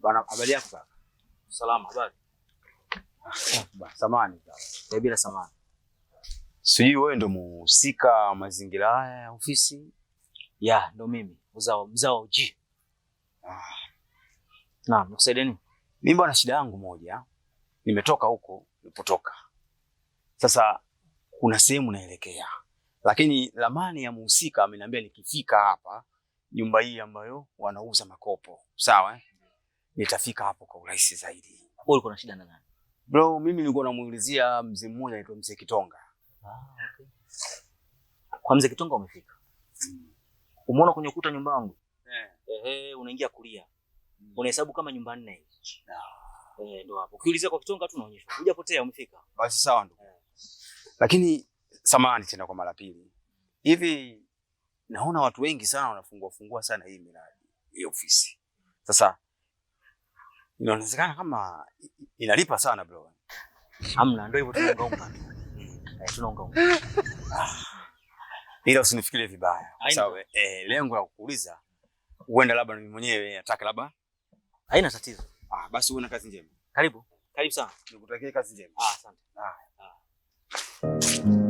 Bana, habari yako kaka? Salama, habari. Oh, samani kaka. Bila samani. Sijui wewe ndo muhusika mazingira haya ya ofisi? Ya, ndo mimi mzao mzao ji. Ah. Naam, nikusaidia nini? Mimi bwana, shida yangu moja, nimetoka huko nilipotoka. Sasa kuna sehemu naelekea, lakini ramani ya muhusika ameniambia nikifika hapa nyumba hii ambayo wanauza makopo, sawa eh? Nitafika hapo kwa urahisi zaidi. Wewe ulikuwa na shida na nani? Bro, mimi nilikuwa namuulizia mzee mmoja anaitwa mzee Kitonga. Ah, okay. Kwa mzee Kitonga umefika. Mm. Umeona kwenye ukuta nyumba yangu? Eh. Ehe, unaingia kulia. Mm. Unahesabu kama nyumba nne hii. Ah. Eh, ndio hapo. Ukiuliza kwa Kitonga tu unaonyeshwa. Hujapotea umefika. Basi sawa ndugu. Eh. Lakini samahani tena kwa mara pili. Hivi naona watu wengi sana wanafungua fungua sana hii miradi hii ofisi. Sasa inaonekana kama inalipa sana bro. Hamna, ndio hivyo tunaunga unga. Eh, tunaunga unga. Ah, ila usinifikirie vibaya. Sawa, eh, lengo la kukuuliza uenda labda mimi mwenyewe nataka labda. Haina tatizo. Ah, basi uone kazi njema. Karibu. Karibu sana. Nikutakie kazi njema. Ah, asante. Ah. ah.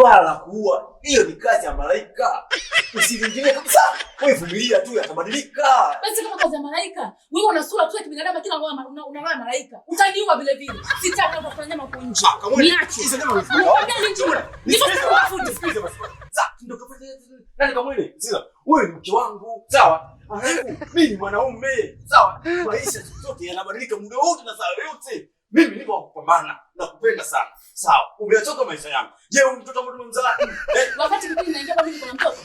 swala la kuua hiyo ni kazi ya malaika, usilingilie kabisa. Wewe vumilia tu, yatabadilika. Basi kama kazi ya malaika, wewe una sura tu ya kibinadamu, kila una malaika, utaniua vile vile. Sitaki kufanya nyama huko nje, niache hizo nyama. Ndio kama wewe? Sasa wewe ni mke wangu, sawa? Mimi ni mwanaume, sawa? Maisha yote yanabadilika muda wote na saa yote mimi niko wa kupambana na kupenda sana. Sawa, umeachoka maisha yangu. Je, huyu mtoto ambao tumemzaa? Eh? wakati mimi naingia kwa mimi kuna mtoto.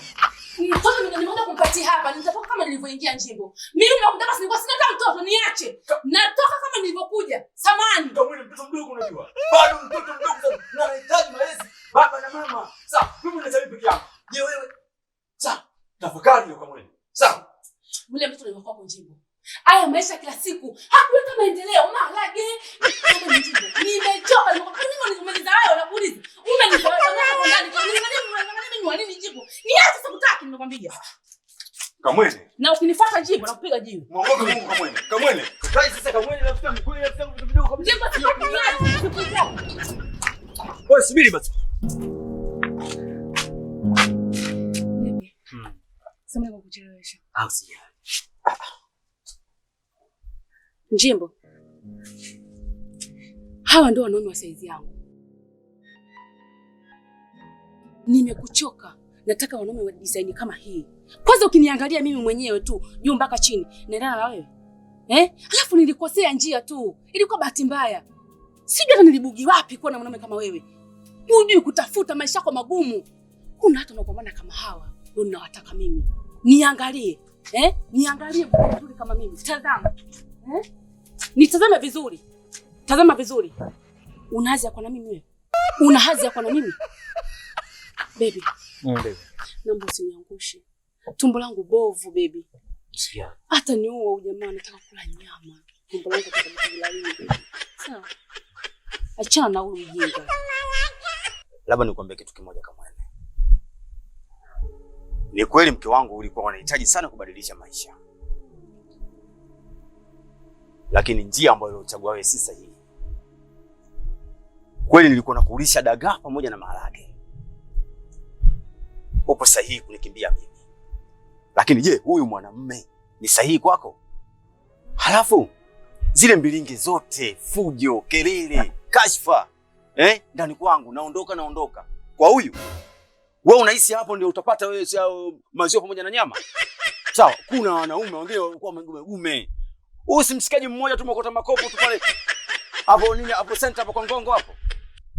Mtoto ndio nimeenda kumpati hapa, nitatoka kama nilivyoingia njimbo. Mimi sinikuwa sina hata mtoto, niache. Natoka kama nilivyokuja. Samani. Kama mtoto mdogo unajua. jibu. Niache sasa kutaki nimekwambia. Kamwene. Na ukinifuata jibu nakupiga jibu. Mungu Kamwene. Kamwene. sasa Kamwene nafuta mkuu vitu vidogo kabisa. Wewe subiri basi. kwa hmm. kuchelewesha. Au si. Njimbo. Hawa ndio wanaume wa saizi yangu. Nimekuchoka. Nataka wanaume wa design kama hii. Kwanza ukiniangalia mimi mwenyewe tu juu mpaka chini, naendana na wewe eh? Alafu nilikosea njia tu, ilikuwa bahati mbaya. Sijui hata nilibugi wapi kuwa na mwanaume kama wewe. Hujui kutafuta, maisha yako magumu. Kuna watu wanaopambana kama hawa ndio ninawataka mimi. Niangalie eh? Niangalie vizuri kama mimi. Tazama eh? Nitazame vizuri, tazama vizuri. Una hazi ya kuwa na mimi wewe? Una hazi ya kuwa na mimi baby? Mm. Naomba usiniangushe. Tumbo langu bovu baby. Sikia. Hata ni niua ujamaa nataka kula nyama. Tumbo langu litakula nini baby? Sawa. Achana na huyu mjinga. Labda nikwambie kitu kimoja kama wewe. Ni kweli mke wangu ulikuwa unahitaji sana kubadilisha maisha. Lakini njia ambayo ulichagua wewe si sahihi. Kweli nilikuwa nakulisha dagaa pamoja na maharage upo sahihi kunikimbia mimi, lakini je, huyu mwanamume ni sahihi kwako? Halafu zile mbilingi zote, fujo, kelele, kashfa eh, ndani kwangu, naondoka naondoka kwa huyu. Wewe unahisi hapo ndio utapata wewe maziwa pamoja na nyama? Sawa, kuna wanaume wengine walikuwa megumegume. Huyu si msikaji mmoja tu mkota makopo tu pale hapo nini hapo center hapo kwa ngongo hapo,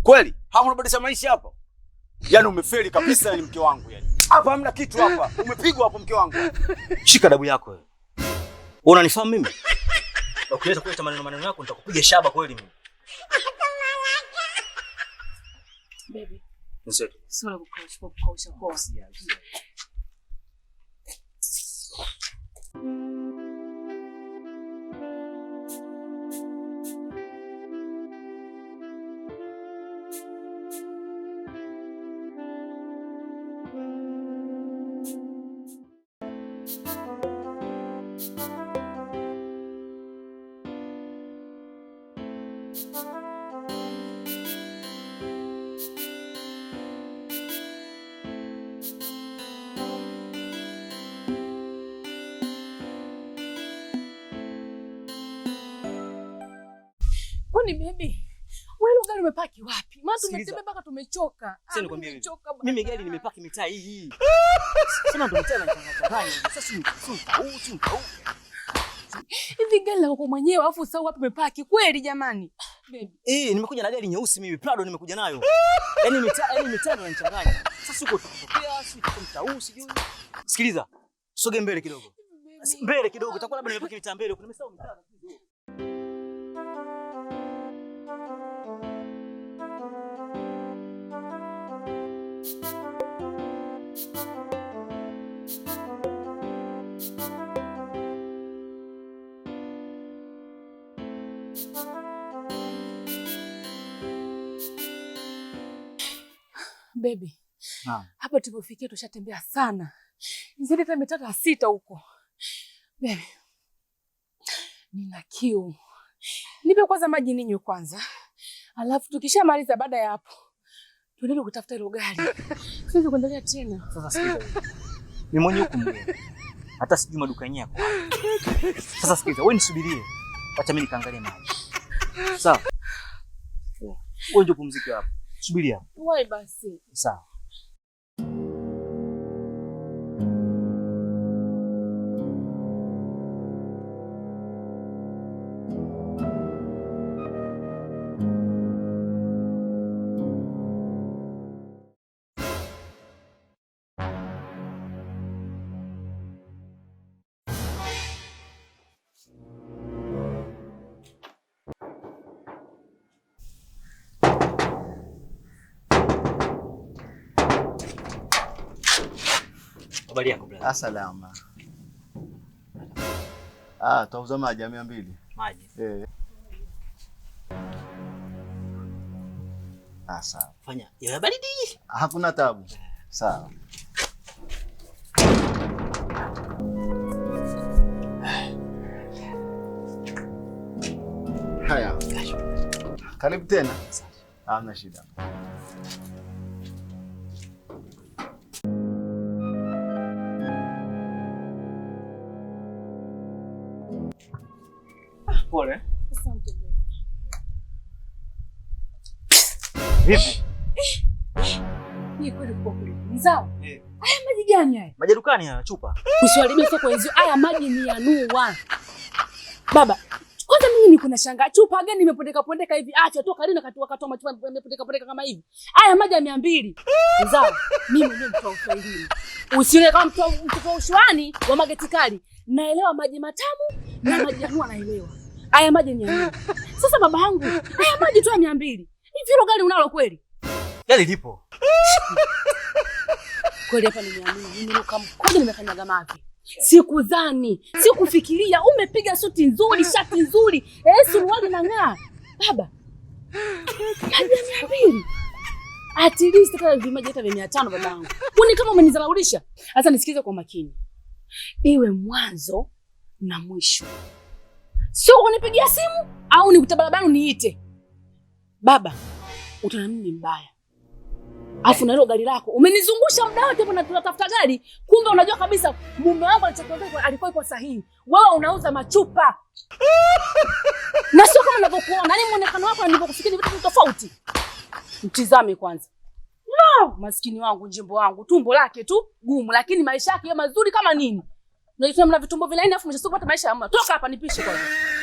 kweli hapo unabadilisha maisha hapo. Yaani umefeli kabisa, yani mke wangu yani. Hapa hamna kitu hapa. Umepigwa hapo mke wangu. Shika dabu yako wewe. Unanifahamu mimi? Ukiweza kuleta maneno maneno yako nitakupiga shaba kweli mimi. Baby. Nzuri. Sio kwa. Kwani bebi, wewe gari umepaki wapi? Maana tumetembea mpaka tumechoka. Ah, sasa Mimi Mimi gari nimepaki mitaa hii hii. Sema ndo mitaa inachanganya. Sasa si mtu. hivi gari la uko mwenyewe afu sasa wapi umepaki kweli jamani? Bebi. Eh, nimekuja na gari nyeusi mimi Prado nimekuja nayo. Yaani mitaa, yaani mitaa inachanganya. Sasa uko tukitokea, si tuko mtaa huu sijui. Sikiliza. Soge mbele kidogo. Mbele kidogo. Utakuwa labda nimepaki mitaa mbele. Kuna mitaa mitaa. Baby, hapa tulipofikia tushatembea sana, zaidi ya mitatu sita huko. Baby, nina kiu, nipe kwanza maji ninywe kwanza, alafu tukishamaliza baada ya hapo tuendele kutafuta ile gari. Siwezi kuendelea tena. Sasa sikiza, mimi mwenyewe huko hata sijui maduka yenyewe yako. Sasa sikiza, wewe nisubirie, acha mimi nikaangalie maji. Sawa, wewe njoo pumzike hapo. Subiria. Wewe basi. Sawa. Habari yako brother? Asalama. Ah, tauza maji ya mia mbili. Maji. Eh. Ah, sawa. Fanya. Ya baridi. Hakuna tabu. Eh. Sawa. Haya. Karibu tena. Hamna shida. Ah, Pole. Asante. Vipi? Ni eh. Haya maji gani haya? Maji dukani haya chupa. Usiwaribie soko wenzio. Haya maji ni yanua. Baba, kwanza mimi niko na shangaa. Chupa gani imepondeka pondeka hivi? Acha toka lini kati wakatoa machupa imepondeka pondeka kama hivi. Haya maji ya 200. Mzao, mimi mwenyewe mtoa uswahilini. Usione kama mtoa mtoa wa magetikali Naelewa maji matamu na maji yanua naelewa. Haya maji ni yangu. Sasa baba yangu, haya maji tu ya mia mbili. Hivi hilo gari unalo kweli? Gari lipo. Kweli hapa nimeamini, nimeruka mkono nimekanyaga mavi. Sikudhani, sikufikiria umepiga suti nzuri, shati nzuri, eh, suruali na ng'aa. Baba. Maji mia mbili. At least kama vimaji hata vya mia tano baba yangu. Kuni kama umenizalaulisha. Sasa nisikize kwa makini. Iwe mwanzo na mwisho sio kunipigia simu au nikute barabarani uniite baba, utaona mimi mbaya. Alafu na hilo gari lako umenizungusha muda wote hapo na tunatafuta gari, kumbe unajua kabisa mume wangu alichokiongea alikuwa iko sahihi. Wewe unauza machupa na sio kama ninavyokuona, yani muonekano wako nilivyokufikiri vitu tofauti. Mtizame kwanza. No, maskini wangu, jimbo wangu, tumbo lake tu gumu, lakini maisha yake mazuri kama nini. Unajituma mna vitumbo vilaini afu mshasuka hata maisha hamna. Toka hapa nipishe kwanza.